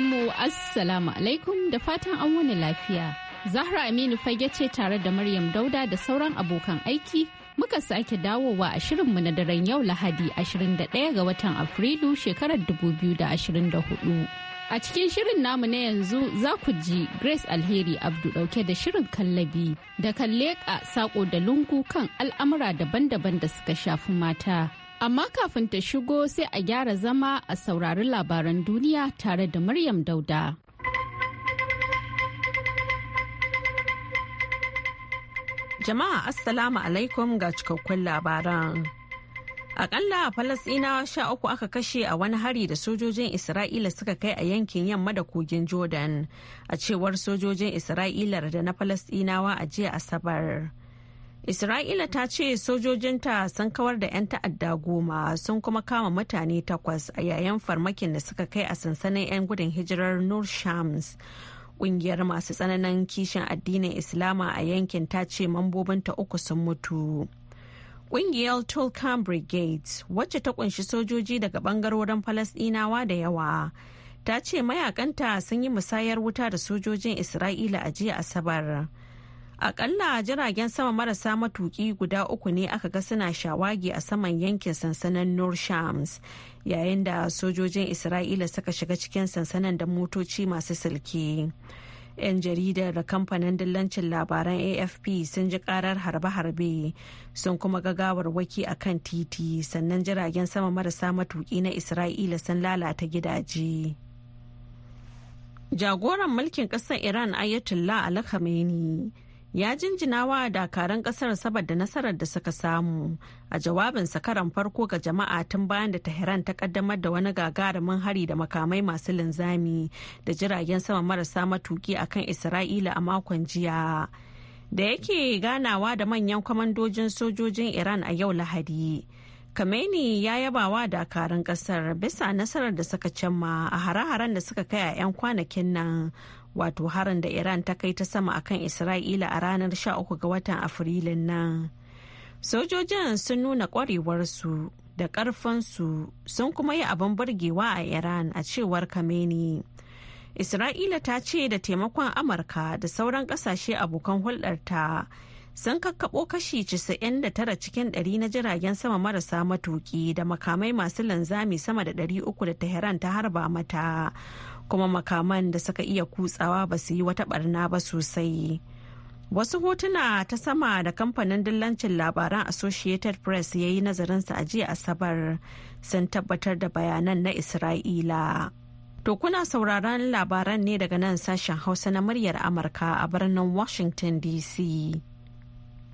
sauraron mu assalamu alaikum da fatan an wani lafiya. Zahra Aminu fage ce tare da Maryam Dauda da sauran abokan aiki muka sake dawowa a shirinmu na daren yau Lahadi 21 ga watan Afrilu shekarar 2024. A cikin shirin namu na yanzu za ku ji Grace Alheri Abdu dauke da shirin kallabi da kan leƙa sako da lungu kan al'amura daban-daban da suka shafi mata. Amma kafin ta shigo sai a gyara zama a saurari labaran duniya tare da Maryam Dauda. Jama'a Assalamu alaikum ga cikakkun labaran. Akalla Falasɗinawa sha uku aka kashe a wani hari da sojojin Isra'ila suka kai a yankin yamma da kogin Jordan, a cewar sojojin Isra'ila da na Falasɗinawa a jiya Asabar. Isra'ila ta ce sojojinta sun kawar da 'yan ta'adda goma sun kuma kama mutane takwas a yayin farmakin da suka kai a sansanin 'yan gudun hijirar Nur Shams. ƙungiyar masu tsananin kishin addinin Islama a yankin ta ce mambobinta uku sun mutu. ƙungiyar Tulkan brigades wacce ta kunshi sojoji daga bangarorin Falasɗinawa da yawa. Ta ce mayakanta sun yi musayar wuta da sojojin Isra'ila a jiya Asabar. Akalla jiragen sama marasa matuki guda uku ne aka ga suna shawagi a saman yankin sansanin Nur Shams yayin da sojojin Isra'ila suka shiga cikin sansanin da motoci masu silki. 'Yan jaridar da kamfanin dillancin labaran AFP sun ji karar harbe-harbe sun kuma gagawar waki a kan titi sannan jiragen sama marasa matuki na Isra'ila sun lalata gidaje. Jagoran mulkin ƙasar Iran Ayatollah Al Khamenei ya jinjinawa wa dakaran kasar saboda nasarar da suka samu a jawabinsa karan farko ga jama'a tun bayan da tehran ta kaddamar da wani gagarumin hari da makamai masu linzami da jiragen sama marasa matuki kan isra'ila a makon jiya da yake ganawa da manyan kwamandojin sojojin iran a yau lahadi Kameni ya yabawa dakarun kasar bisa nasarar da suka cimma a hare-haren da suka kai a 'yan kwanakin nan wato harin da Iran ta kai ta sama akan Isra'ila a ranar 13 ga watan Afrilun nan. Sojojin sun nuna kwarewarsu da su sun kuma yi abin burgewa a Iran a cewar Kameni. Isra'ila ta ce da taimakon Amurka da sauran ƙasashe abokan hulɗarta. ta sun kakkaɓo kashi 99 cikin 100 na jiragen sama marasa matuki da makamai masu linzami sama da 300 da Tehran ta harba mata kuma makaman da suka iya kutsawa ba su yi wata barna ba sosai. Wasu hotuna ta sama da kamfanin dillancin labaran Associated Press ya yi nazarinsa a jiya Asabar sun tabbatar da bayanan na Isra'ila. To kuna sauraron labaran ne daga nan sashen Hausa na muryar Amurka a birnin Washington DC.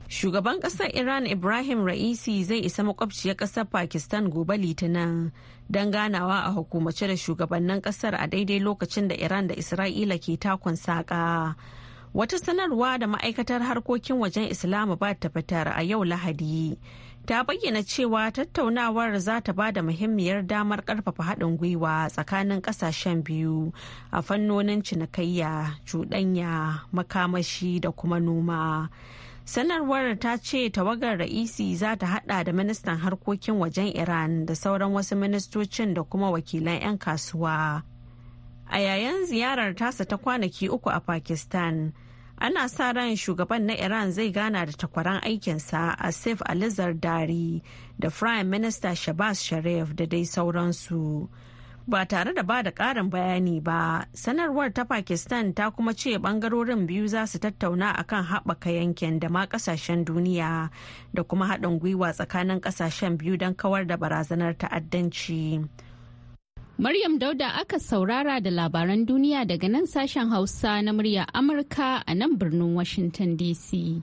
Shugaban ƙasar Iran Ibrahim Ra'isi zai isa makwabciyar ƙasar Pakistan gobe Litinin don ganawa a hukumace da shugabannin ƙasar a daidai lokacin da Iran da Isra'ila ke takon saƙa. Wata sanarwa da ma'aikatar harkokin wajen islamu ba ta fitar a yau Lahadi. ta bayyana cewa tattaunawar za ta ba da muhimmiyar damar karfafa haɗin gwiwa tsakanin ƙasashen biyu a fannonin cinikayya cuɗanya makamashi da kuma noma sanarwar ta ce tawagar ra'isi za ta hada da ministan harkokin wajen iran da sauran wasu ministocin da kuma wakilan 'yan kasuwa a yayin ziyarar tasa ta kwanaki uku a pakistan ana sa ran shugaban na iran zai gana da takwaran aikinsa alizar dari da prime minista shabazz sharif da dai sauransu. ba tare da ba da ƙarin bayani ba sanarwar ta pakistan ta kuma ce bangarorin biyu za su tattauna akan haɓaka yankin da ma ƙasashen duniya da kuma haɗin gwiwa tsakanin ƙasashen biyu don kawar da barazanar ta'addanci maryam dauda aka saurara da labaran duniya daga nan sashen hausa na murya amurka a nan birnin washington dc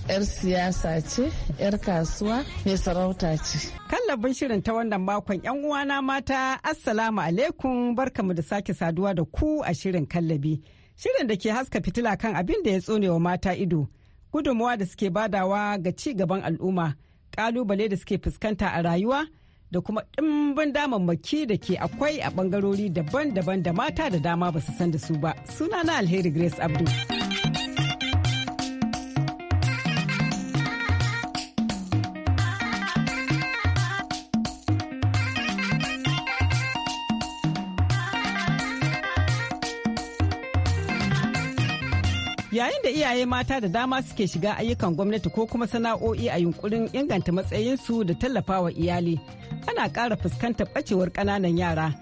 'yar siyasa ce 'yar kasuwa mai sarauta ce kallabin shirin ta wannan makon yan uwana mata assalamu alaikum barkamu da sake saduwa da ku a shirin kallabi shirin da ke haska fitila kan abin da ya wa mata ido gudunmawa da suke badawa ga ci gaban al'umma kalubale da suke fuskanta a rayuwa da kuma ɗimbin damammaki da ke akwai a bangarori daban-daban da mata da dama ba su san da su ba sunana alheri grace abdul Yayin da iyaye mata da dama suke shiga ayyukan gwamnati ko kuma sana'o'i a yunkurin inganta matsayinsu da tallafawa iyali, ana ƙara fuskantar ɓacewar ƙananan yara.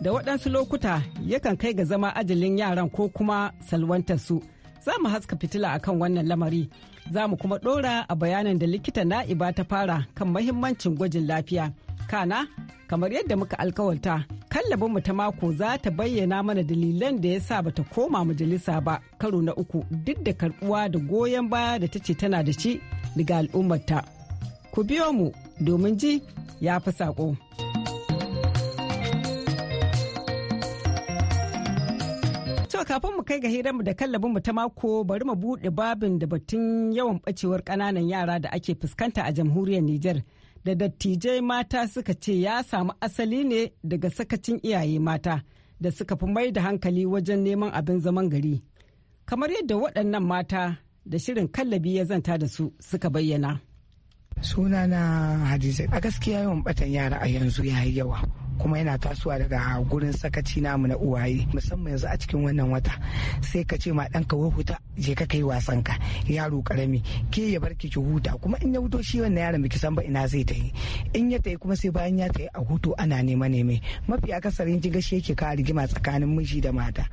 Da waɗansu lokuta yakan kai ga zama ajalin yaran ko kuma salwantarsu. Za mu haska fitila akan wannan lamari. Za mu kuma ɗora a bayanin da likita na'iba ta fara kan mahimmancin gwajin lafiya. kana kamar yadda muka alkawalta kallabinmu ta mako za ta bayyana mana dalilan da ya sa bata koma majalisa ba karo na uku duk da karbuwa da goyon baya da ta ce tana da shi daga al'ummarta ku biyo mu domin ji ya fi saƙo. kafin mu kai ga hiranmu da kallabinmu ta mako bari mu buɗe babin da batun yawan ɓacewar ƙananan yara da ake fuskanta a jamhuriyar Nijar. da dattijai mata suka ce ya samu asali ne daga sakacin iyaye mata da suka fi mai da hankali wajen neman abin zaman gari. Kamar yadda waɗannan mata da shirin kallabi ya zanta da su suka bayyana. Sunana Hadiza, a gaskiya yawan batan yara a yanzu ya yi yawa. kuma yana tasowa daga gurin sakaci namu na uwaye musamman yanzu a cikin wannan wata sai ka ce ma ɗanka wai huta je ka kai wasan ka yaro karami ke ya barki ki huta kuma in ya huto shi wannan yaron biki san ba ina zai tayi in ya tayi kuma sai bayan ya tayi a hutu ana nema neme mafi akasarin kin gashi yake ka rigima tsakanin miji da mata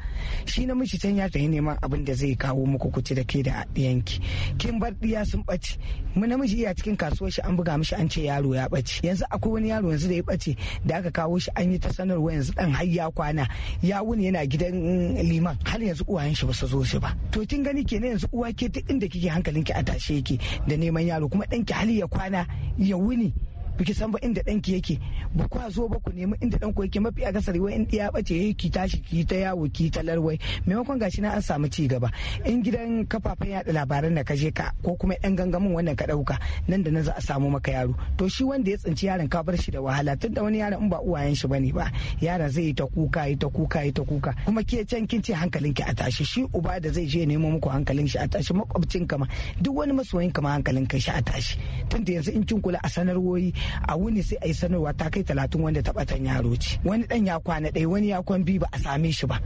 shi na miji can ya yi neman abin da zai kawo muku kuci da ke da yanki kin bar diya sun ɓaci mu namiji iya cikin kasuwar shi an buga mishi an ce yaro ya bace yanzu akwai wani yaro yanzu da ya ɓace da aka kawo shi an yi ta sanarwa yanzu dan har ya kwana ya wuni yana gidan liman har yanzu uwayen shi ba su zo shi ba to kin gani kenan yanzu uwa ke ta inda kike hankalinki a tashe yake da neman yaro kuma danki hali ya kwana ya wuni biki san ba inda danki yake ba kwa zo ba ku nemi inda danku yake mafi a gasar wai in ya bace yayi eh, ki tashi ki ta yawo ki ta larwai maimakon gashi na an samu ci gaba in gidan kafafen yada labaran da ka je ka ko kuma yan gangamin wannan ka dauka nan da nan za a samu maka yaro to shi wanda ya tsinci yaron ka bar shi da wahala tun da wani yaron in ba uwayen shi bane ba yaron zai yi ta kuka yi ta kuka yi ta kuka kuma ke can kin ce ki a tashi shi uba da zai je nemo muku hankalin shi a tashi makwabcin kama duk wani masoyin kama hankalin kai shi a tashi da yanzu in kin kula a sanarwoyi a wuni sai a yi sanarwa ta kai talatin wanda ta batan yaro ce wani ɗan ya kwana ɗaya wani ya kwan biyu ba a same shi ba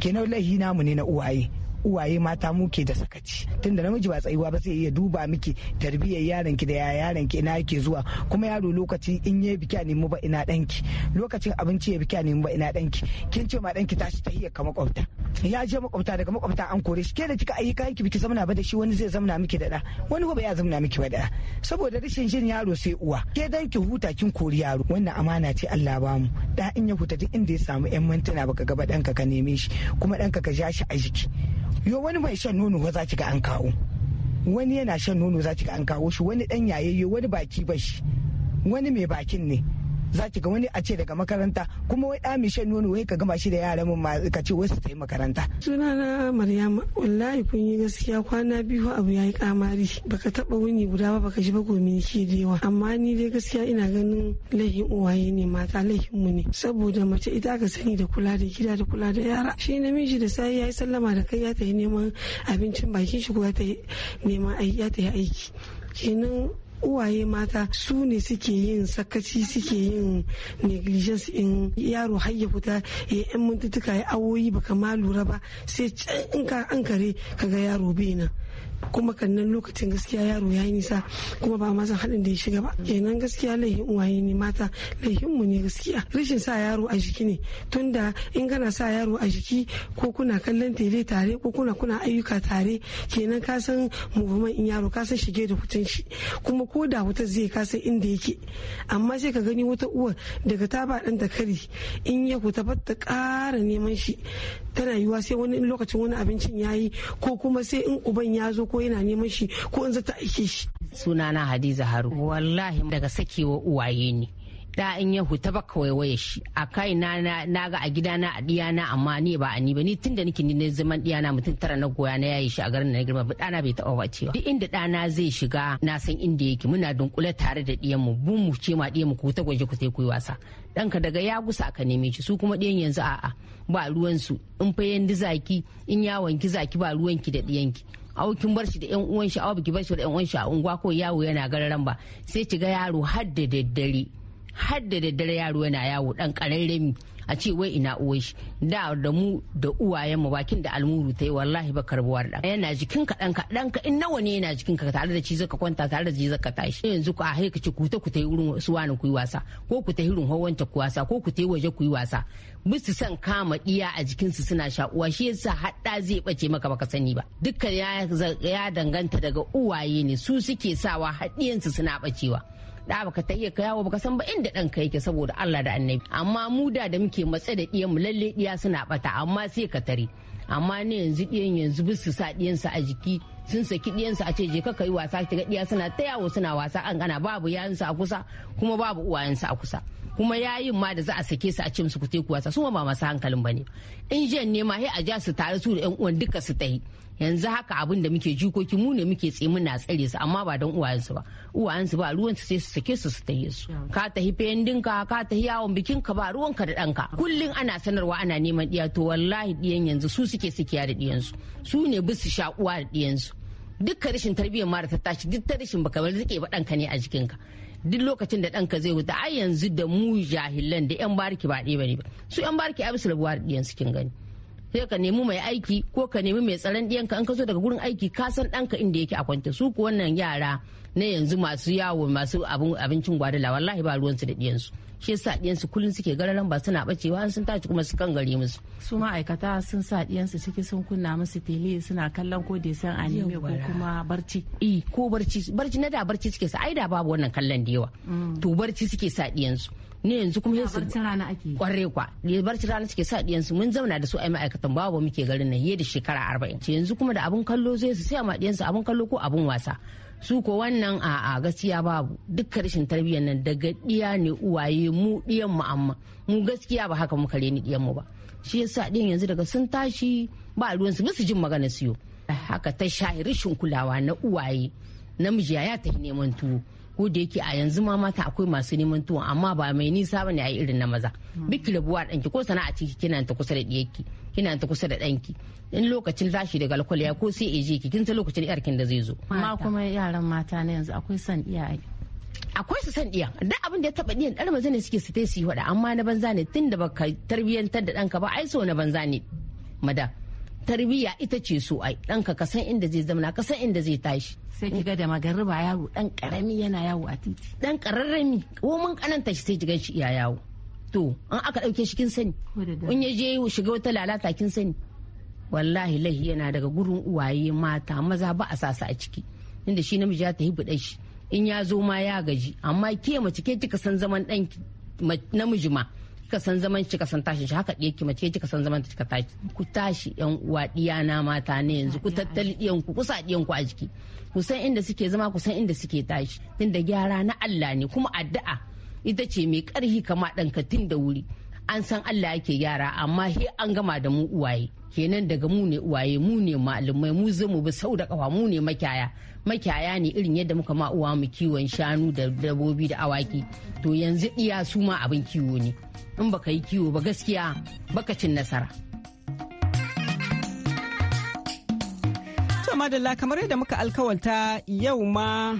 kenan lahi namu ne na uwaye uwaye mata muke da sakaci tunda namiji ba tsayuwa ba zai iya duba miki tarbiyyar yaron ki da ya yaron ki ina yake zuwa kuma yaro lokaci in yayi biki a nemi ba ina danki lokacin abinci ya biki a nemi ba ina danki kin ce ma danki tashi ta ka makwabta ya je makwabta daga makwabta an kore shi ke da kika ayyuka yanki biki zamana ba da shi wani zai zamana miki da da wani ba ya zamana miki ba da saboda rashin jin yaro sai uwa ke dan ki huta kin kori yaro wannan amana ce Allah ba mu da in ya huta duk inda ya samu yan mintuna baka gaba danka ka neme shi kuma danka ka ja shi a jiki yo wani mai shan nono ba za ki ga an kawo wani yana shan nono za ki ga an kawo shi wani dan yayayye wani baki ba shi wani mai bakin ne za ki ga wani a ce daga makaranta kuma wai ɗa mai shan nono wai ka gama shi da yaran mu ka ce wasu ta yi makaranta. sunana maryama wallahi kun yi gaskiya kwana biyu abu ya yi kamari baka taba wuni guda ba baka ji ba gomi ke da yawa amma ni dai gaskiya ina ganin laifin uwaye ne mata laifin mu ne saboda mace ita ka sani da kula da gida da kula da yara shi namiji da sai ya yi sallama da kai ya ta yi neman abincin bakin shi ko ya ta yi neman ya ta yi aiki kenan uwaye mata su ne suke yin sakaci suke yin negligence in yaro har ya fita ya yan mintutuka ya awoyi baka ma lura ba sai can in ka an kare kaga yaro bai nan kuma kannan lokacin gaskiya yaro ya yi nisa kuma ba mazan haɗin da ya shiga ba kenan gaskiya laifin uwaye ne mata laifin mu ne gaskiya rashin sa yaro a jiki ne tunda in kana sa yaro a jiki ko kuna kallon tele tare ko kuna kuna ayyuka tare kenan ka san movement in yaro ka san shige da hutun shi kuma ko da wutar zai ka san inda yake amma sai ka gani wata uwa daga ta ba ɗanta kari in ya huta ta ƙara neman shi tana yiwa sai wani lokacin wani abincin ya yi ko kuma sai in uban ya zo ko yana neman shi ko in ta aike shi sunana hadiza haru wallahi daga sakewa uwaye ne da in ya huta ba kawai waya shi a kai na na ga a gidana a diyana amma ni ba a ni ba ni tunda nake ni ne zaman diyana mutum tara na goya na yayi shi a garin na girma ba dana bai taba bacewa. duk inda dana zai shiga na san inda yake muna dunkule tare da diyan mu bun mu ce ma diyan mu ku ta gwaje ku sai ku yi wasa danka daga ya gusa ka neme shi su kuma diyan yanzu a'a ba ruwan su in fa zaki in ya wanki zaki ba ruwanki da diyanki aukin kin bar shi da yan uwan shi awa biki bar shi da yan uwan shi a unguwa ko yawo yana gararan ba sai ki ga yaro har da daddare har daddare yaro yana yawo dan kararremi a ce wai ina uwai shi da da mu da uwayen mu bakin da almuru ta yi wallahi ba karbuwar da yana jikin ka danka ɗanka in nawa ne yana jikin ka tare da ci zaka kwanta tare da ci zaka tashi yanzu a hai ka ce ku ta ku ta yi wurin su wani ku yi wasa ko ku ta yi hawanta ku wasa ko ku ta waje ku yi wasa bisu san kama ɗiya a jikinsu suna sha uwa shi yasa haɗa zai bace maka baka sani ba dukkan ya danganta daga uwaye ne su suke sawa haɗiyansu suna bacewa da baka ta iya kayawa baka san ba inda ka yake saboda Allah da annabi amma mu da da muke matsa da diyan mu lalle ɗiya suna bata amma sai ka tare amma ne yanzu diyan yanzu bisu sa ɗiyansa a jiki sun saki ɗiyansu a ce je ka yi wasa ga ɗiya suna ta yawo suna wasa an gana babu su a kusa kuma babu su a kusa kuma yayin ma da za a sake su a ce su kute kuwa su ba masu hankalin ne in jan ne ma sai a ja su tare su da yan uwan duka su tai yanzu haka abin da muke jikoki mu ne muke tsimi na tsare su amma ba don su ba su ba ruwan su sai su sake su su tai su ka tahi fendin ka ka tafi yawon bikin ka ba ruwan ka da danka kullun ana sanarwa ana neman diya to wallahi diyan yanzu su suke sikiya da diyan su su ne bisu uwa da diyan su dukkan rashin tarbiyyar ma da ta tashi duk ta rashin baka bar rike ba danka ne a jikinka duk lokacin da ɗanka zai wuta ai yanzu da mu jahilan da 'yan bariki ba ɗaya bane ba su 'yan bariki ai su da ɗiyan kin gani sai ka nemi mai aiki ko ka nemi mai tsaron ɗiyanka an ka so daga gurin aiki ka san ɗanka inda yake a kwanta su ko wannan yara na yanzu masu yawo masu abincin gwadala wallahi ba ruwansu da ɗiyansu shi yasa ɗiyansu kullum suke gararan ba suna bacewa an sun tashi kuma su kan gare musu su ma'aikata sun sa ɗiyansu ciki sun kunna musu tele suna kallon ko da san anime ko kuma barci eh ko barci barci na da barci suke sa ai da babu wannan kallon da yawa mm. to barci suke sa ɗiyansu ne yanzu kuma sai barci rana ake kwa da barci rana suke sa ɗiyansu mun zauna da su ai ma'aikatan babu muke garin nan da shekara arba'in yanzu kuma da abun kallo zai su sai ma ɗiyansu abun kallo ko abun wasa su ko wannan a gaskiya babu duk rashin tarbiyyar nan daga ɗiya ne uwaye mu ɗiyan mu amma mu gaskiya ba haka muka reni ɗiyan mu ba shi yasa ɗin yanzu daga sun tashi ba ruwansu musu jin magana siyo haka ta sha rashin kulawa na uwaye namiji ya ta neman tuwo ko da yake a yanzu ma mata akwai masu neman tuwo amma ba mai nisa bane a irin na maza biki rabuwa danki ko sana'a ciki kina ta kusa da diyarki kina ta kusa da danki in lokacin tashi daga alkol ya ko sai eje ki kin san lokacin yarkin da zai zo ma kuma yaran mata na yanzu akwai san iyaye akwai su san iya da abin da ya taba diyan ɗan maza ne suke su tai su yi amma na banza ne tun da baka tarbiyyantar da danka ba ai so na banza ne madam tarbiyya ita ce so ai danka ka san inda zai zamana ka san inda zai tashi sai kiga da magarriba yaro dan karami yana yawo a titi kararrami ƙararrami mun kananta shi sai kiga shi iya yawo to an aka dauke shi kin sani in ya je shiga wata lalata kin sani wallahi lahi yana daga gurin uwaye mata maza ba a sasa a ciki inda shi namiji ya tafi buɗe shi in ya zo ma ya gaji amma ke mace ke kika san zaman ɗan namiji ma kika san zaman kika san tashin shi haka ɗaya ki mace kika san zaman kika tashi ku tashi yan uwa na mata ne yanzu ku tattali ɗiyan ku kusa ɗiyan ku a jiki ku san inda suke zama ku san inda suke tashi tunda gyara na Allah ne kuma addu'a ita ce mai ƙarfi kama ɗan ka tun da wuri an san Allah yake yara amma he an gama da mu uwaye kenan daga mu ne uwaye mu ne malumai mu mu bi sau da kafa mu ne makiyaya makiyaya ne irin yadda muka ma uwa mu kiwon shanu da dabbobi da awaki to yanzu iya su ma abin kiwo ne in baka yi kiwo ba gaskiya baka cin nasara to madalla kamar yadda muka alkawalta yau ma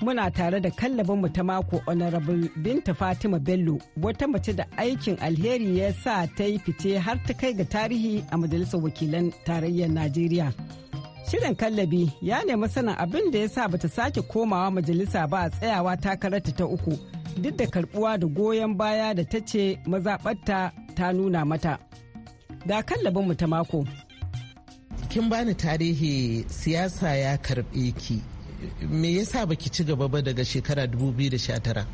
muna tare da kallabin mu ta mako honorable binta fatima bello wata mace da aikin alheri ya sa ta yi fice har ta kai ga tarihi a majalisar wakilan tarayyar najeriya shirin kallabi ya nemi sanin abin da ya sa bata sake komawa majalisa ba a tsayawa takararta ta uku duk da karbuwa da goyon baya da ta ce mazaɓarta ta nuna mata ga kallabin mu ta mako kin bani tarihi siyasa ya karɓe ki me yasa baki ci gaba ba daga shekara 2019 eto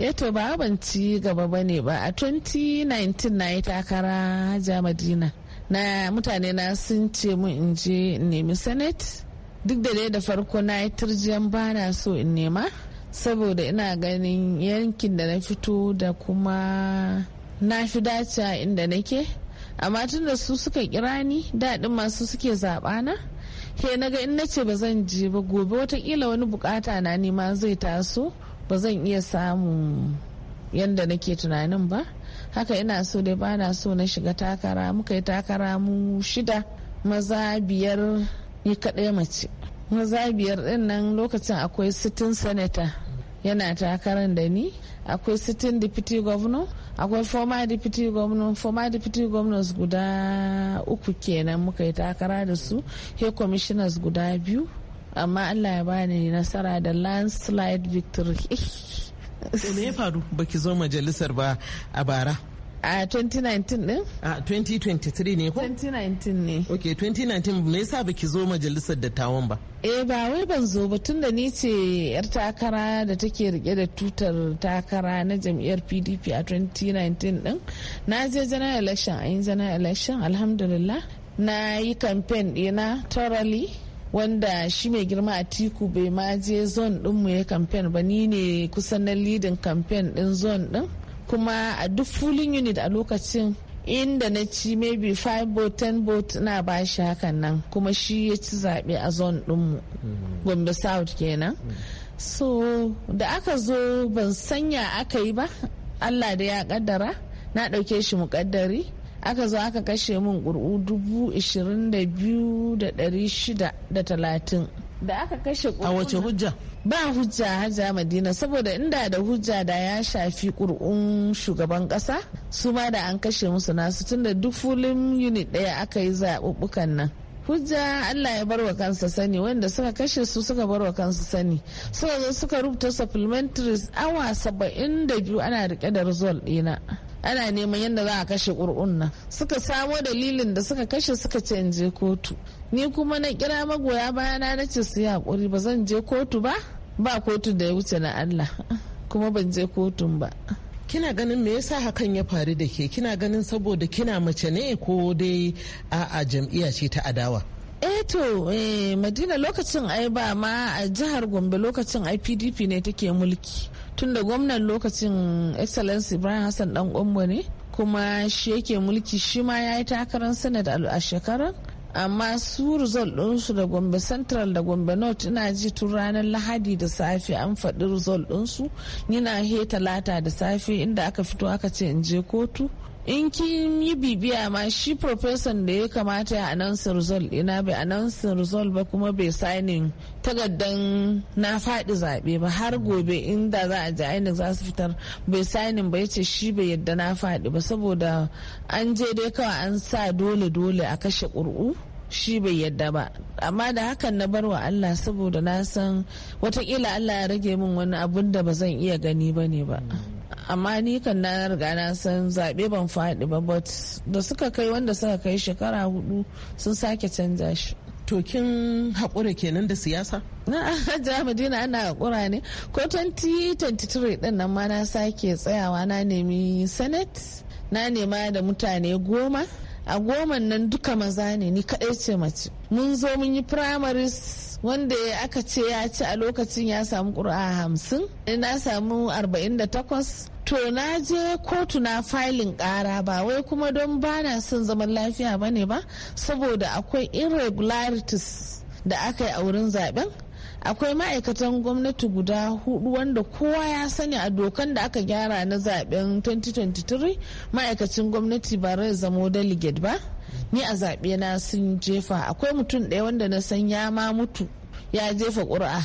eh to ba ban ci gaba ba ne ba a 2019 na yi takara hajja madina na mutane na sun ce mun in je nemi senate duk da dai da farko na yi turjiyan ba na so in nema saboda ina ganin yankin da na fito da kuma na fi dace inda nake amma tun da su suka kira ni daɗin masu suke zaɓa na ke naga in nace ce ba zan je ba gobe watakila wani bukata na nema zai taso ba zan iya samu yadda nake tunanin ba haka ina so dai ba na so na shiga takara muka yi takara mu shida maza biyar yi kaɗai mace maza biyar ɗin nan lokacin akwai sitin sanata yana takarar da ni akwai sitin deputy governor akwai former deputy governor former deputy governors guda uku kenan muka yi takara da su he commissioners guda biyu amma allah ya bani nasara da landslide victory ne ya faru baki zo majalisar ba a bara a 2019 din a 2023 ne ko 2019 ne ok 2019 me yasa baki zo majalisar dattawan ba eh ba wai ban zo ba tun da ni ce yar takara da take rike da tutar takara na jam'iyyar pdp a 2019 din na je general election a yin general election alhamdulillah na yi campaign dina thoroughly wanda shi mai girma a tiku bai ma je zone dinmu ya kamfen ba ni ne kusan na leading kamfen din zone din kuma a duk fulin unit a lokacin inda na ci maybe 5 boat 10 boat na bashi shi hakan nan kuma shi ya ci zaɓe a zone ɗinmu gombe south kenan so da aka zo ban sanya aka yi ba allah da ya kaddara na ɗauke shi muƙaddari aka zo aka kashe min ƙuri'u dubu ɗari shida da talatin da aka kashe a wace hujja ba hujja hajja madina saboda inda da hujja da ya shafi kur'un shugaban kasa su ma da an kashe musu nasu tunda duk fulin unit daya aka yi zaɓuɓɓukan nan hujja Allah ya bar wa kansa sani wanda suka kashe su suka bar wa kansa sani suka zo suka rubuta supplementaries awa saba'in da biyu ana rike da result ɗina ana neman yadda za a kashe kur'un nan suka samo dalilin da suka kashe suka canje kotu ni kuma na kira magoya bayana na ce su yi hakuri ba zan je kotu ba ba kotu da ya wuce na allah kuma ban je kotun ba kina ganin me yasa hakan ya faru da ke kina ganin saboda kina mace ne ko dai a'a jam'iyya ce ta adawa eh to eh, madina lokacin ai ba ma a jihar gombe lokacin ai pdp ne take mulki tun da gwamnan lokacin excellence ibrahim hassan dan gombe ne kuma shi yake mulki shi ma ya yi takarar senate a shekarar amma su result ɗinsu da gombe central da gombe north ina ji tun ranar lahadi da safe an faɗi result ɗinsu yana he talata da safe inda aka fito aka ce in je kotu in kin yi bibiya ma shi profesan da ya kamata ya announce result ina bai announce result ba kuma bai signing tagaddan na faɗi zaɓe ba har gobe inda za a ji ainihin za su fitar bai signing ba ya ce shi bai yadda na faɗi ba saboda an je dai kawai an sa dole dole a kashe ƙur'u shi bai yadda ba amma da hakan na bar wa Allah saboda na san watakila Allah ya rage min wani abun da ba zan iya gani ba ne ba. amma ni kan na riga na san zaɓe ban faɗi ba but da suka kai wanda suka kai shekara hudu sun sake canza shi to kin haƙura kenan da siyasa na madina ana haƙura ne ko 2023 din nan ma na sake tsayawa na nemi senate na nema da mutane goma a goma nan duka maza ne ni kaɗai ce mace mun zo mun yi primaries wanda aka ce ya ci a lokacin ya samu ƙura hamsin na samu 48 to na je kotu na filin kara ba wai kuma don bana son zaman lafiya ba ne ba saboda akwai irregularities da aka yi a wurin zaben akwai ma'aikatan gwamnati guda hudu wanda kowa ya sani a dokan da aka gyara na zaben 2023 ma'aikacin gwamnati ba zai zamo delegate ba ni a zaɓe na sun jefa akwai mutum ɗaya wanda na san ya ma mutu ya jefa ƙuri'a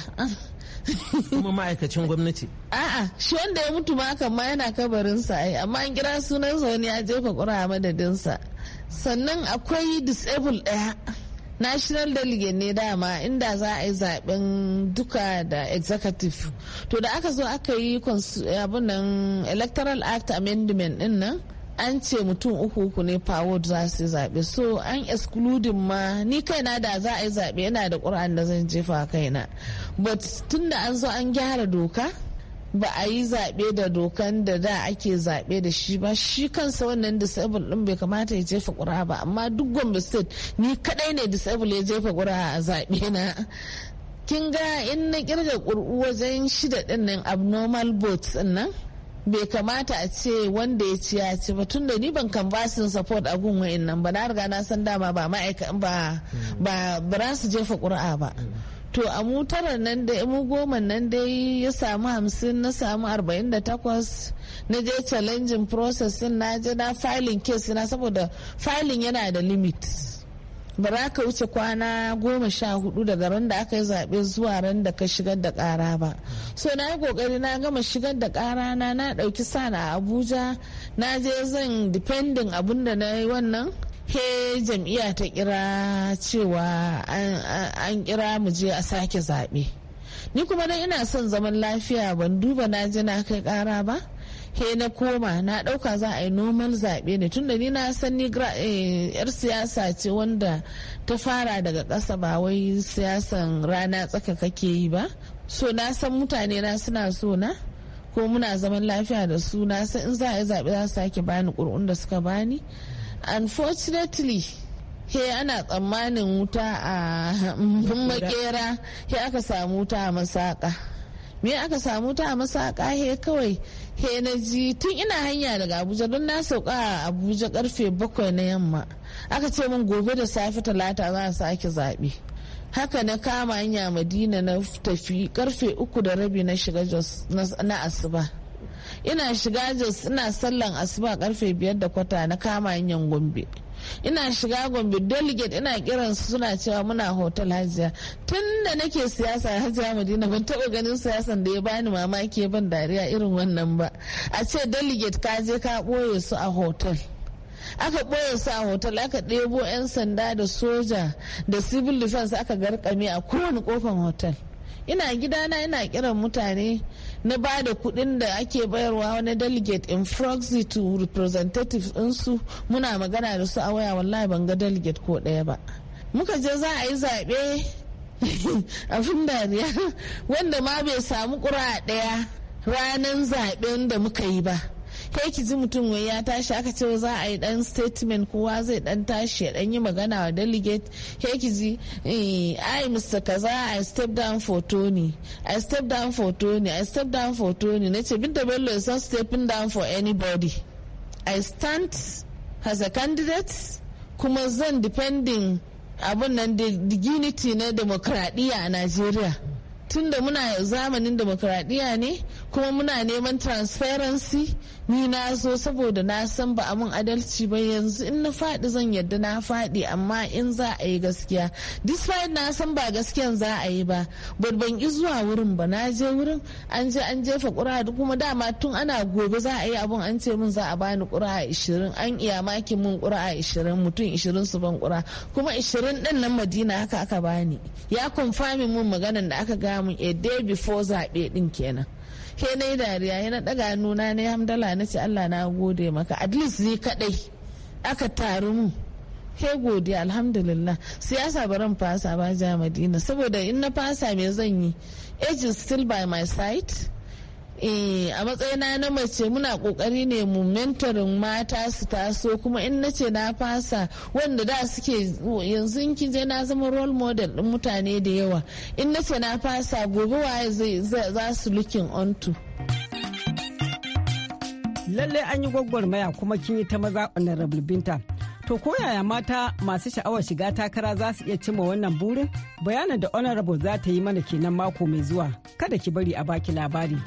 kuma ma'aikacin gwamnati a'a shi wanda ya mutu ma kan ma yana kabarinsa ai eh, amma an kira sunansa wani ya jefa a madadinsa sannan akwai disable ɗaya national delegate ne dama inda za a yi zaben duka da executive to da aka zo aka yi abin electoral act amendment din nan an ce mutum uku uku ne pawod za su zaɓe so an excluding ma ni kaina da za a yi zaɓe yana da ƙura'an da zan jefa kaina but tunda an zo an gyara doka ba a yi zaɓe da dokan da da ake zaɓe da shi ba shi kansa wannan disable ɗin bai kamata ya jefa ƙura ba amma duk gombe state ni kaɗai ne disable ya jefa ƙura a zaɓe na kin ga in na kirga ƙur'u wajen shida ɗin nan abnormal votes nan bai kamata a ce wanda ya ci ya ci ba tunda ni ban kan ba su support a gun wa'in nan ba na riga na san dama ba ma'aikatan ba ba ba su jefa ƙura'a ba to a mu tara nan da mu goma nan dai ya samu hamsin na samu arba'in da takwas na je challenging process na je na filing case na saboda filing yana da limit ba za ka wuce kwana goma sha hudu daga ran da aka yi zaɓe zuwa ran da ka shigar da ƙara ba so na yi ƙoƙari na gama shigar da ƙara na na ɗauki sana a abuja na je zan difendin abin da na yi wannan he jam'iyya ta kira cewa an kira mu je a sake zaɓe ni kuma dan ina son zaman lafiya ban duba na je na kai ƙara ba he na koma na dauka za a yi noman zaɓe ne tunda ni na san ni eh, yar siyasa ce wanda ta fara daga ƙasa ba wai siyasan rana tsaka kake yi ba so na san mutane na suna so na ko muna zaman lafiya da su na san in za a yi zaɓe za su sake bani ƙuri'un da suka bani unfortunately he ana tsammanin wuta a makera he aka samu wuta a masaka me aka samu wuta a masaka he kawai he na ji tun ina hanya daga abuja don na sauka a abuja karfe bakwai na yamma aka ce min gobe da safe talata za a sake zaɓe haka na kama hanya madina na tafi karfe uku da rabi na shiga jos na asuba ina shiga jos ina sallan asuba karfe biyar da kwata na kama hanyar gombe ina shiga gombe delegate ina kiran suna cewa muna hotel hajiya tun da nake siyasa hajiya madina ban taɓa ganin siyasan da ya bani mamaki ban dariya irin wannan ba a ce delegate ka je ka boye su a hotel aka ɓoye su a hotel aka ɗebo 'yan sanda da soja da civil defense aka garkame a kowane kofan hotel ina gidana ina kiran mutane na ba da kuɗin da ake bayarwa wani delegate in proxy to representatives ɗinsu muna magana da su a waya wallahi ban ga delegate ko ɗaya ba muka je za a yi zaɓe abin dariya wanda ma bai samu ƙura ɗaya ranar zaɓen da muka yi ba kai ki ji mutum wai ya tashi aka ce za a yi dan statement kowa zai dan tashi ya dan yi magana wa delegate kai ki ji eh, ai mr kaza i step down for tony i step down for tony i step down photo ne nace binta bello is not stepping down for anybody i stand as a candidate kuma zan depending abun nan da dignity na demokradiyya a najeriya tunda muna zamanin demokradiyya ne kuma muna neman transparency ni na zo saboda na san ba mun adalci ba yanzu in na faɗi zan yadda na faɗi amma in za a yi gaskiya despite na san ba gaskiyan za a yi ba but ban ki zuwa wurin ba na je wurin an je an jefa da kuma dama tun ana gobe za a yi abun an ce min za a bani a ishirin an iya makin min a ishirin mutum ishirin su ban ƙura kuma ishirin ɗin nan madina haka aka bani ya kumfami min maganan da aka ga min a day before zaɓe ɗin kenan ke na yi dariya ya na daga nuna ne hamdala na ce Allah na gode maka at least ni kadai aka taru mu ke godiya alhamdulillah siyasa baran fasa ba ja madina saboda in na fasa me zan yi age is still by my side eh a matsayina na mace muna kokari ne mu mentorin mata su taso kuma in na ce na fasa wanda da suke yanzu kin je na zama role model din mutane da yawa in na ce na fasa gobe waye za su looking onto lallai an yi gwagwarmaya kuma kin yi ta maza honorable binta To koyaya mata masu sha'awar shiga takara za su iya cimma wannan burin? Bayanin da Honorable za ta yi mana kenan mako mai zuwa. Kada ki bari a baki labari.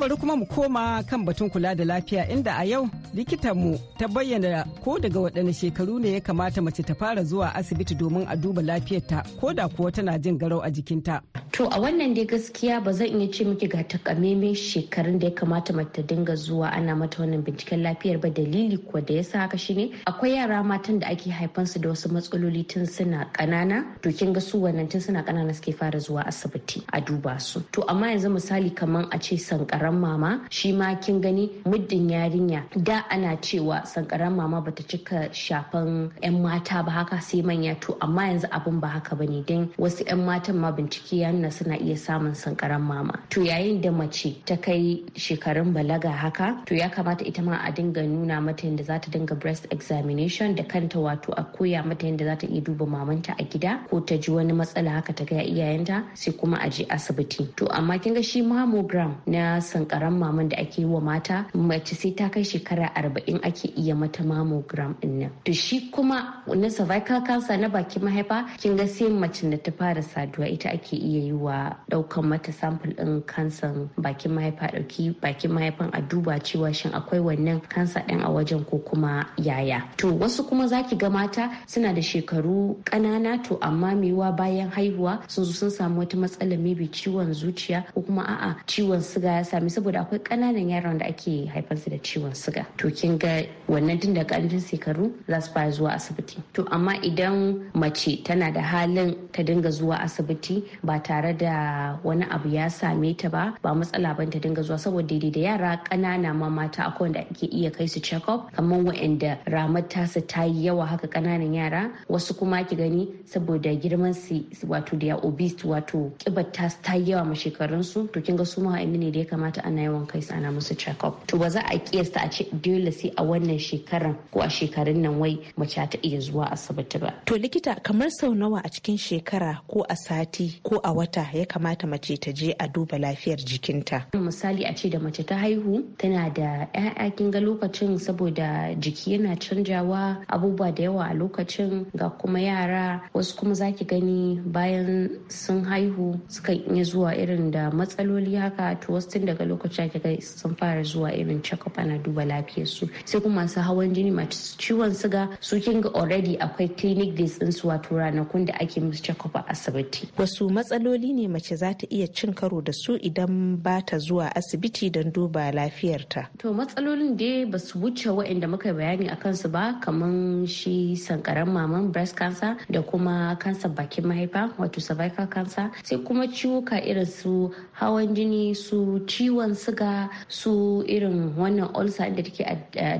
bari kuma mu koma kan batun kula da lafiya inda a yau likitanmu ta bayyana ko daga waɗanne shekaru ne ya kamata mace ta fara zuwa asibiti domin a duba lafiyarta ko da kuwa tana jin garau a jikinta. To a wannan dai gaskiya ba zan iya ce miki ga takamaiman shekarun da ya kamata mace ta dinga zuwa ana mata wannan binciken lafiyar ba dalili kuwa da yasa haka shine akwai yara matan da ake haifansu da wasu matsaloli tun suna ƙanana to kin ga su wannan tun suna ƙanana suke fara zuwa asibiti a duba su. To amma yanzu misali kamar a ce sankaran mama shi ma kin gani muddin yarinya da ana cewa sankaran mama bata cika shafan 'yan mata ba haka sai manya to amma yanzu abin ba haka bane don wasu 'yan matan ma bincike ya nuna suna iya samun sankaran mama to yayin da mace ta kai shekarun balaga haka to ya kamata ita ma a dinga nuna mata yadda za ta dinga breast examination da kanta wato a koya mata yadda za ta iya duba mamanta a gida ko ta ji wani matsala haka ta gaya iyayenta sai kuma a je asibiti to amma kin ga shi mammogram na sankaran maman da ake yi wa mata mace sai ta kai shekara arba'in ake iya mata mammogram din nan to shi kuma na cervical cancer na bakin mahaifa kin ga sai macin da ta fara saduwa ita ake iya yi wa daukan mata sample din kansan bakin mahaifa dauki bakin mahaifan a duba cewa shin akwai wannan kansa din a wajen ko kuma yaya to wasu kuma zaki ga mata suna da shekaru kanana to amma mewa bayan haihuwa sun zo sun samu wata matsala maybe ciwon zuciya ko kuma a'a ciwon suga ya sami saboda akwai ƙananan yaran da ake haifansu da ciwon suga. to kin ga wannan tun daga shekaru za su fara zuwa asibiti to amma idan mace tana da halin ta dinga zuwa asibiti ba tare da wani abu ya same ta ba ba matsala ban ta dinga zuwa saboda daidai da yara ƙanana ma mata akwai wanda ake iya kai su check up kamar wa'anda ramar tasa ta yi yawa haka ƙananan yara wasu kuma ki gani saboda girman su wato da ya obese wato kibar ta ta yi yawa ma shekarun su to kin ga su ma ne da ya kamata ana yawan kai su ana musu check up to ba za a kiyasta a ce dole sai a wannan shekaran ko a shekarun nan wai mace ta iya zuwa asibiti ba. To likita kamar sau nawa a cikin shekara ko a sati ko a wata ya kamata mace ta je a duba lafiyar jikinta. Misali a ce da mace ta haihu tana da 'ya'ya kin ga lokacin saboda jiki yana canjawa abubuwa da yawa a lokacin ga kuma yara wasu kuma zaki gani bayan sun haihu sukan iya zuwa irin da matsaloli haka to wasu tun daga lokacin ake sun fara zuwa irin check-up ana duba lafiya. ake su sai kuma masu hawan jini masu ciwon suga su kin ga already akwai clinic days din su wato ranakun da ake musu check up a asibiti wasu matsaloli ne mace za ta iya cin karo da su idan ba ta zuwa asibiti don duba lafiyarta to matsalolin da ba su wuce waɗanda muka bayani akan su ba kamar shi sankaran maman breast cancer da kuma kansar bakin mahaifa wato cervical cancer sai kuma ciwuka irin su hawan jini su ciwon suga su irin wannan ulcer da take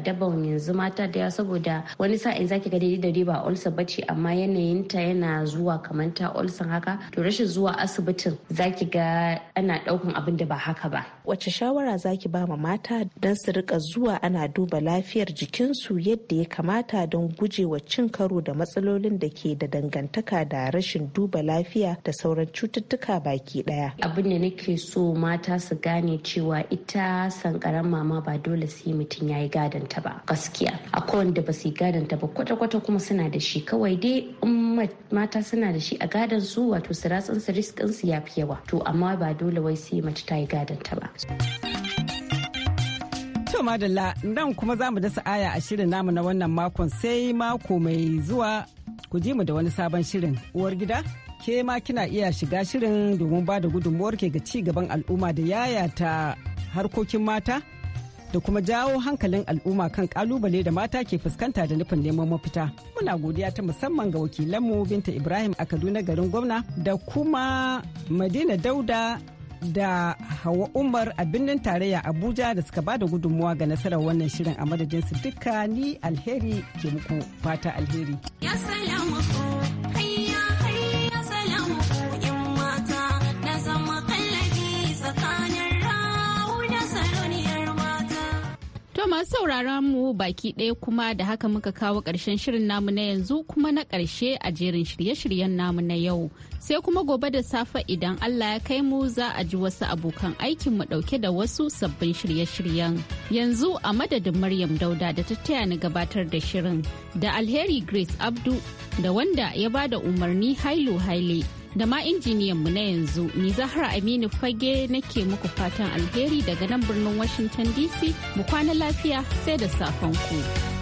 dabban yanzu mata da ya saboda wani sa'in zaki ga daidai da riba ba bace amma yanayin ta yana zuwa kamar ta ulsa haka to rashin zuwa asibitin zaki ga ana daukan abin da ba haka ba wace shawara zaki ba ma mata dan su rika zuwa ana duba lafiyar jikinsu yadda ya kamata don gujewa cin karo da matsalolin da ke da dangantaka da rashin duba lafiya da sauran cututtuka baki daya abin da nake so mata su gane cewa ita sankaran mama ba dole sai mutum ya ya yi ba gaskiya akwai wanda ba su yi gadon ba kwata-kwata kuma suna da shi kawai dai mata suna da shi a gadon su wato su ratsin su riskin su ya fi yawa to amma ba dole wai sai mace ta yi gadon ta ba. To madalla nan kuma za mu dasa aya a shirin namu na wannan makon sai mako mai zuwa ku ji mu da wani sabon shirin uwar gida ke ma kina iya shiga shirin domin ba da gudunmuwar ke ga ci gaban al'umma da yayata harkokin mata da kuma jawo hankalin al'umma kan kalubale da mata ke fuskanta da nufin neman mafita. Muna godiya ta musamman ga wakilanmu Binta Ibrahim a Kaduna garin gwamna da kuma Madina Dauda da Hawa Umar a birnin tarayya Abuja da suka bada gudunmuwa ga nasarar wannan shirin a madadin su duka ni alheri ke muku fata alheri. Ya masu sauraron mu baki ɗaya kuma da haka muka kawo ƙarshen shirin namu na yanzu kuma na ƙarshe a jerin shirye-shiryen namu na yau. Sai kuma gobe da safe idan Allah ya kai mu za a ji wasu abokan aikin mu ɗauke da wasu sabbin shirye-shiryen. Yanzu a madadin Maryam Dauda da ta taya ni gabatar da shirin da Alheri Grace Abdu da wanda ya ba da umarni Hailu Haile. da ma injiniyan mu na yanzu ni zahra aminu fage nake muku fatan alheri daga nan birnin washington dc mu kwana lafiya sai da safen ku.